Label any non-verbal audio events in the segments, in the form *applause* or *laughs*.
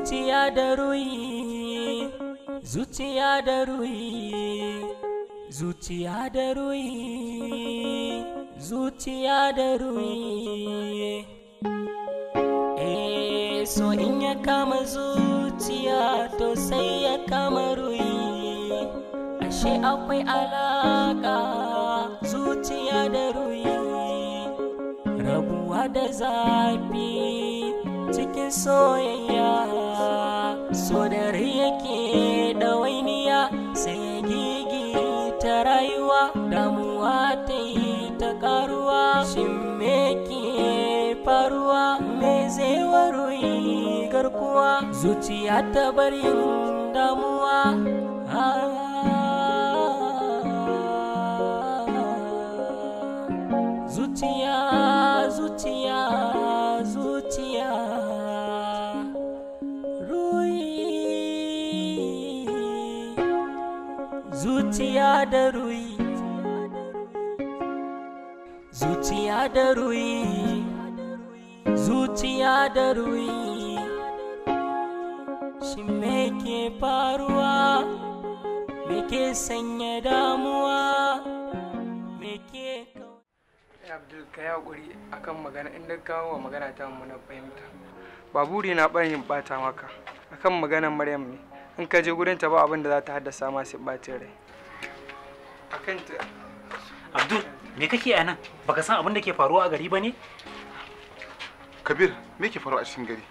zuciya da ruhi zuciya da ruhi zuciya da ruhi zuciya da ruhi eh so in ya kama zuciya to sai ya kama ruyi ashe akwai alaka zuciya da ruhi rabuwa da zafi soyayya so yake ɗawainiya sai gigi ta rayuwa damuwa ta yi ta karuwa shin me ke faruwa me zai waroyi garkuwa zuciya ta bar yin damuwa ah. zuciya da ruyi zuciya da ruyi zuciya da ruyi shi me ke faruwa me ke sanya damuwa me ke eh, abdul ka yi a kan magana inda kawo wa magana ta mu na fahimta baburi na barin bata maka akan maganar maryam ne in ka je gurin ta ba abin da za ta haddasa masu ɓacin rai akan ta abdul me kake a nan baka san abin da ke faruwa a gari ba ne kabir me ke faruwa a cikin gari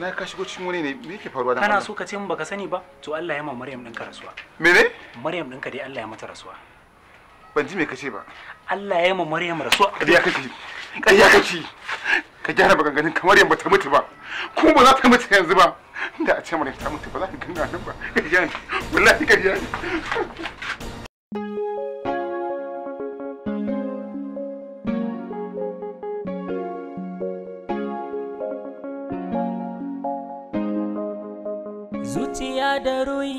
na ka shigo cikin wani ne me ke faruwa kana so ka ce mun baka sani ba to Allah ya ma Maryam ɗinka rasuwa mene Maryam ɗinka dai Allah ya mata rasuwa ban ji me kace ba Allah ya ma Maryam rasuwa kariya kake ya kace ka gyara maganganun kamar yamma ta mutu ba kuma ba za ta mutu yanzu ba *laughs* da a ce mara ta mutu ba za ka ganga nan ba ƙarya ne wallahi ƙarya ne zuciya da ruhi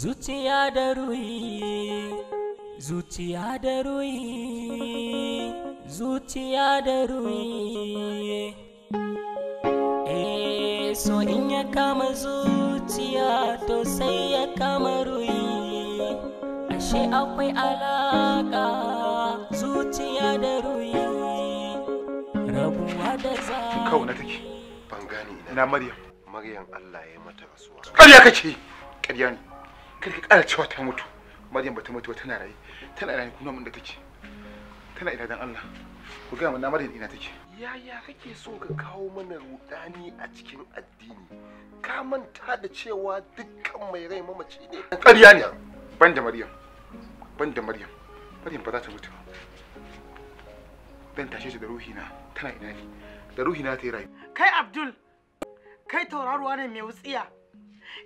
zuciya da ruhi zuciya da ruhi zuciya da ruhi so in ya kama zuciya to sai ya kama ruyi ashe akwai alaka zuciya da ruyi rabuwa da za kawo na take ban gane ina maryam maryam Allah ya mata rasuwa ƙarya kace ƙarya ne kar ka ƙara cewa ta mutu maryam bata mutu tana raye tana raye kuma mun da take tana ina dan Allah ku ga mun na maryam ina take yaya kake so ka kawo mana rudani a cikin addini ka manta da cewa dukkan mai rai mamaci ne ƙarya ne ban da maryam ban da maryam maryam ba za ta mutu dan tashe ta da ruhina tana ina ne da ruhina ta yi rai kai abdul kai tauraruwa ne mai wutsiya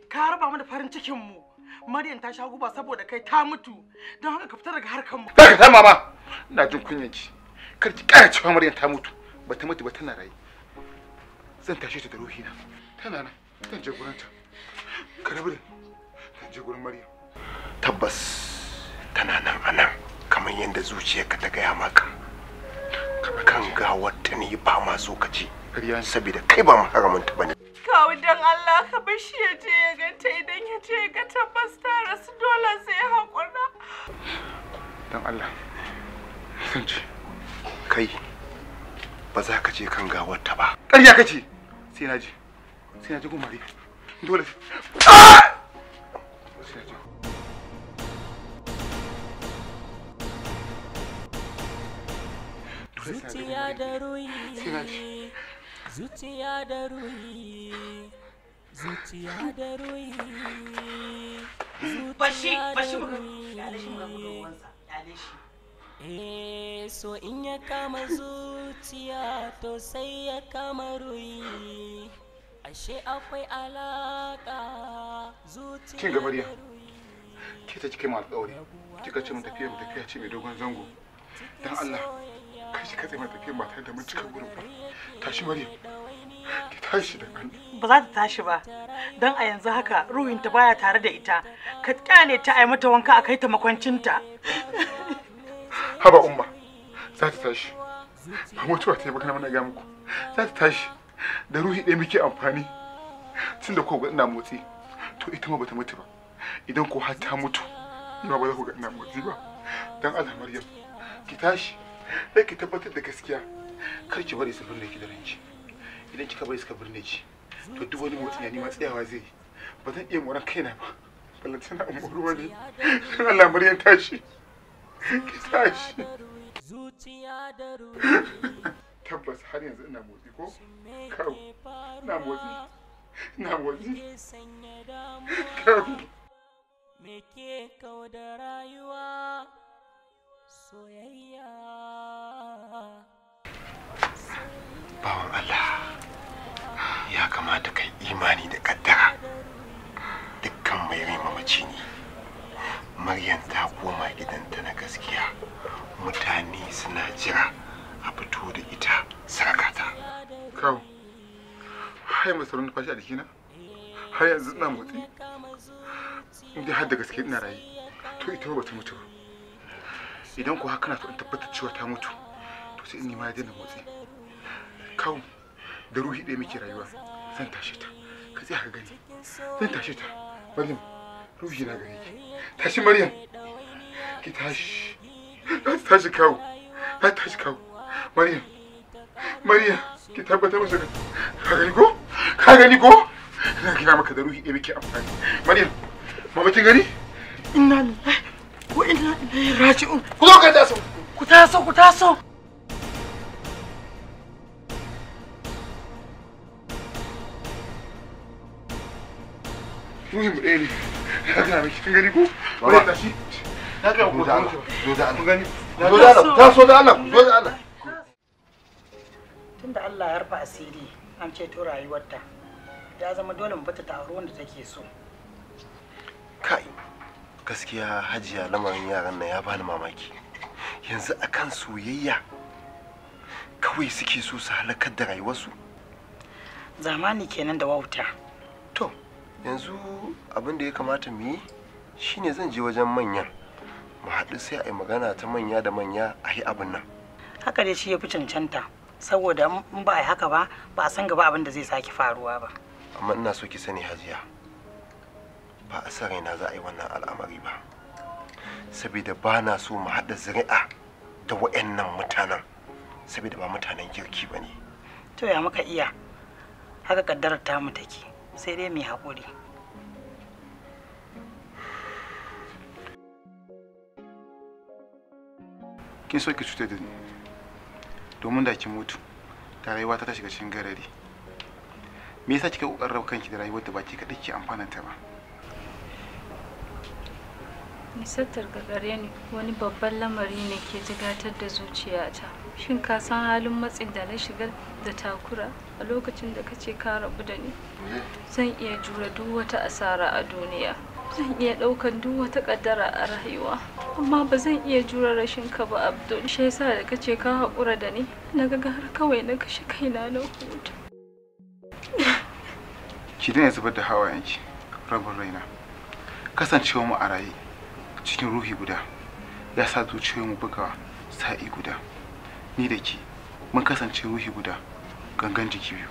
ka raba mana farin cikin mu maryam ta sha guba saboda kai ta mutu don haka ka fita daga harkar mu ka ta mama ina jin kunyanki kar ki kara cewa maryam ta mutu bata mutu ba tana raye zan tashe ta da na tana na zan je gurin ta ka rabu zan je gurin maryam tabbas tana nan a nan kamar yadda zuciyarka ta gaya maka kan ga wata ne ba ma so ka ji saboda kai ba maharaminta ta bane kawo don Allah ka bar shi ya je ya ganta idan ya je ya ga tabbas ta rasu dole sai haƙura. Don Allah, sun ce, kai ba za ka je kan gawar ta ba ƙarya kace sai na ji. sai na je gumari ah! dole sai na je zuciya da ruhi zuciya da ruhi zuciya da ruhi bashi bashi muka. yale shi muka ga budowansa yale shi eh so in ya kama zuwa zuciya to sai ya kama ruyi ashe akwai alaka zuciya kin ga Maryam ke ta cikin alƙawari kika ce mu tafiya mu tafiya ce mai dogon zango dan Allah ka shi ka tsaye mu tafiya ba tare da mun cika gurin ba tashi Maryam ki tashi da kan ba za ta tashi ba dan a yanzu haka ta baya tare da ita ka kyale ta ai mata wanka a kai ta makwancinta haba umma za ta tashi mutuwa ta yi baka na ga maku? za ta tashi da ruhi ɗaya muke amfani tun da kowa ina motsi to ita ma bata mutu ba idan ko har ta mutu ni ba za ku ga ina motsi ba dan Allah Maryam ki tashi sai ki tabbatar da gaskiya kar ki bari su birne ki da ranki idan kika bari suka birne ki to duk wani motsi ya nima tsayawa zai yi ba zan iya moran kaina ba balantana in wani dan Allah Maryam tashi ki tashi zuciya da ruri *laughs* tabbas har yanzu ina motsi ko kawo ina motsi ina motsi kawo me ke *laughs* kawo da rayuwa soyayya sauran numfashi a jikina har yanzu ina motsi in dai har da gaske ina rayu to ita ba ta mutu ba idan ko haka na to in tabbatar cewa ta mutu to sai in ma ya daina motsi kawo da ruhi ɗaya muke rayuwa zan tashi ta ka tsaya ka gani zan tashi ta maryam ruhi na gare ki tashi maryam ki tashi ta tashi kawo ta tashi kawo maryam maryam ki tabbatar masa ka gani ko ka gani ko ina gina maka da ruhi ɗaya muke amfani maryam mama kin gani inna lillahi wa inna ilaihi raji'un ku zo ka taso ku taso ku taso mu ɗaya ne ina gina kin gani ko bari tashi na ga ku zo da Allah zo da Allah taso da Allah zo da Allah tunda Allah ya rufa asiri an ceto rayuwarta ya zama dole mu bata taro wanda take so kai gaskiya hajiya lamarin yaran nan ya bani mamaki yanzu akan soyayya kawai suke so su halakar da rayuwarsu zamani kenan da wauta to yanzu abin da ya kamata mu yi shine zan je wajen manyan mu haɗu sai a magana ta manya da manya a yi abin nan haka dai shi ya fi cancanta saboda in ba a yi haka ba ba a san gaba abin da zai sake faruwa ba amma ina so ki sani hajiya ba a sa raina za a yi wannan al'amari ba saboda ba na so mu haɗa zuri'a da wa'annan mutanen saboda ba mutanen kirki ba ne to ya muka iya haka kaddarar ta mu take sai dai mai haƙuri kin so ki cutar da ni domin da ki mutu ta rayuwa ta shiga cikin garari me yasa kika kokarin raba kanki da rayuwar da ke kada ke amfana ta ba nisantar gagare ne wani babban lamari ne ke jigatar da zuciyata shin ka san halin matsin da na shiga da takura a lokacin da kace ka rabu da ni zan iya jura duk wata asara a duniya zan iya ɗaukan duk wata ƙaddara a rayuwa amma ba zan iya jura rashin ka ba abdul shi yasa da kace ka haƙura da ni na ga har kawai na kashe kaina na huta ki daina zubar da hawayenki rabin raina kasancewa mu a raye cikin ruhi guda ya sa mu buga sa'i guda ni da ki mun kasance ruhi guda gangan jiki biyu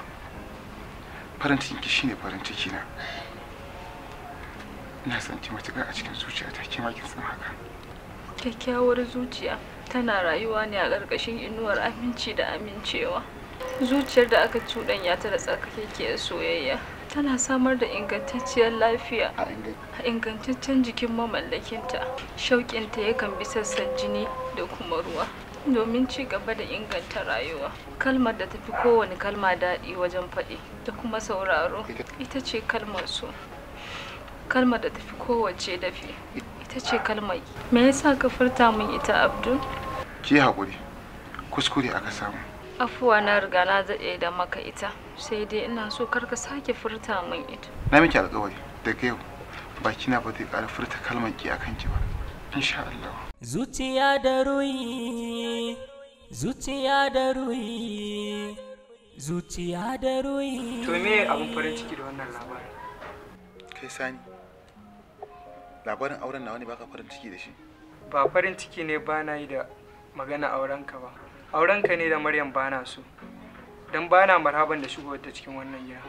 farin cikinki shine farin ciki na ina son ki matuƙa a cikin zuciyata ki ma kin san haka kyakkyawar zuciya tana rayuwa ne a ƙarƙashin inuwar aminci da amincewa zuciyar da aka cuɗanya ta da tsarkakekiyar soyayya tana samar da ingantacciyar lafiya a ingantaccen jikin mamallakinta shauƙinta yakan bi sassan jini da kuma ruwa domin ci gaba da inganta rayuwa kalmar da tafi kowane kalma daɗi wajen faɗi da kuma sauraro ita ce kalmar so kalmar da tafi kowace dafi ita ce kalmar me yasa ka furta min ita abdul ki haƙuri kuskure aka samu afuwa na riga na daɗe da maka ita sai dai ina so kar ka sake furta min ita na miki alƙawari daga yau baki na ba zai ƙara furta kalmar ki akan ki ba insha Allah zuciya da ruhi zuciya da ruhi zuciya da ruhi to me abun farin ciki da wannan labarin kai sani labarin auren nawa ne baka farin ciki da shi ba farin ciki ne ba na yi da magana aurenka ba auren ka ne da Maryam bana so don bana marhaban da shigowar ta cikin wannan gida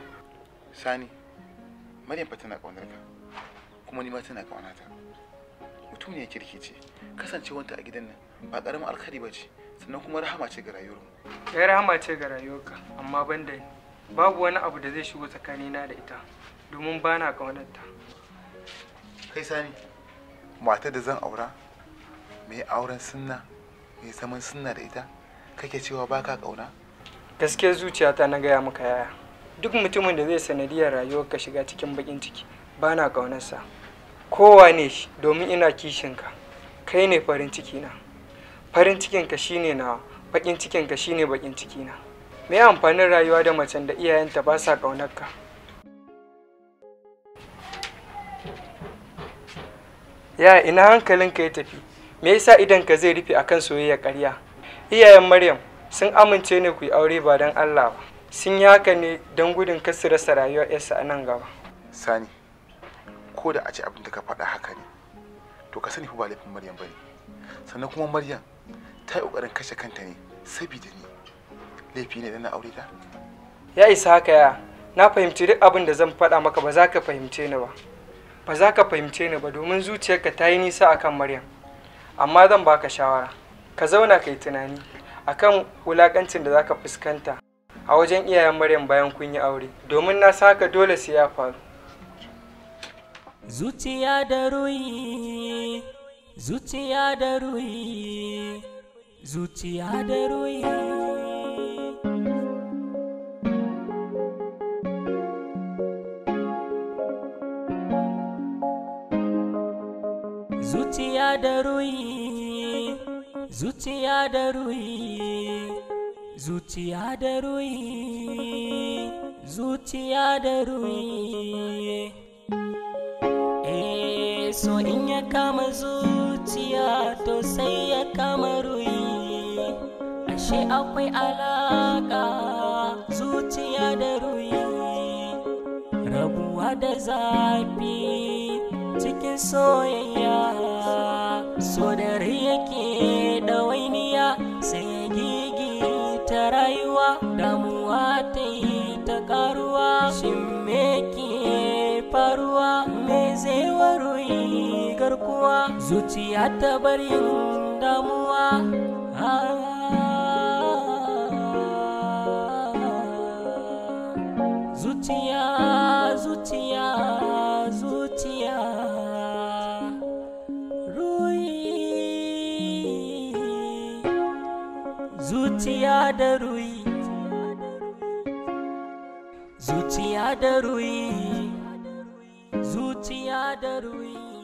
Sani Maryam fa tana kaunar ka kuma ni ma tana kauna ta mutum ne kirki ce kasancewanta a gidan nan ba karamin alkhari ba ce sannan kuma rahama ce ga rayuwar mu ya eh, rahama ce ga rayuwarka amma ban da ni babu wani abu da zai shigo tsakanina da ita domin bana ta. kai sani mata da zan aura mai auren sunna mai zaman sunna da ita kake cewa baka kauna gaskiyar zuciyata na gaya maka yaya duk mutumin da zai sanadiyar rayuwar ka shiga cikin bakin ciki ba bana kaunarsa kowa ne shi domin ina kishinka kai ne farin ciki na farin cikinka shine na bakin cikinka shine bakin ciki na me amfanin rayuwa da macen da iyayenta ba sa kaunar ka ya ina hankalinka ya tafi me yasa idan ka zai rufe akan soyayya ƙarya iyayen maryam sun amince ne ku yi aure ba don allah ba sun yi haka ne don gudun kasu rasa rayuwar yasa a nan gaba sani ko da a ce abin da ka faɗa haka ne to ka sani fa ba laifin maryam bane sannan kuma maryam ta yi ƙoƙarin kashe kanta ne sabida ni laifi ne da na aure ta ya isa haka ya na fahimci duk abin da zan faɗa maka ba za ka fahimce ni ba ba za ka fahimce ni ba domin zuciyarka ta yi nisa akan maryam amma zan baka shawara ka zauna ka yi tunani akan wulakancin da zaka fuskanta a wajen iyayen Maryam bayan kun yi aure domin na saka dole sai ya faru zuciya da ruhi zuciya da ruhi zuciya da ruhi zuciya da ruhi zuciya da ruhi zuciya da ruhi zuciya da ruhi eh so in ya kama zuciya to sai ya kama ruhi ashe akwai alaka zuciya da ruhi rabuwa da zafi cikin soyayya so da zuciya ta bar yin damuwa ah. zuciya zuciya zuciya ruyi zuciya da ruyi zuciya da ruyi zuciya da ruyi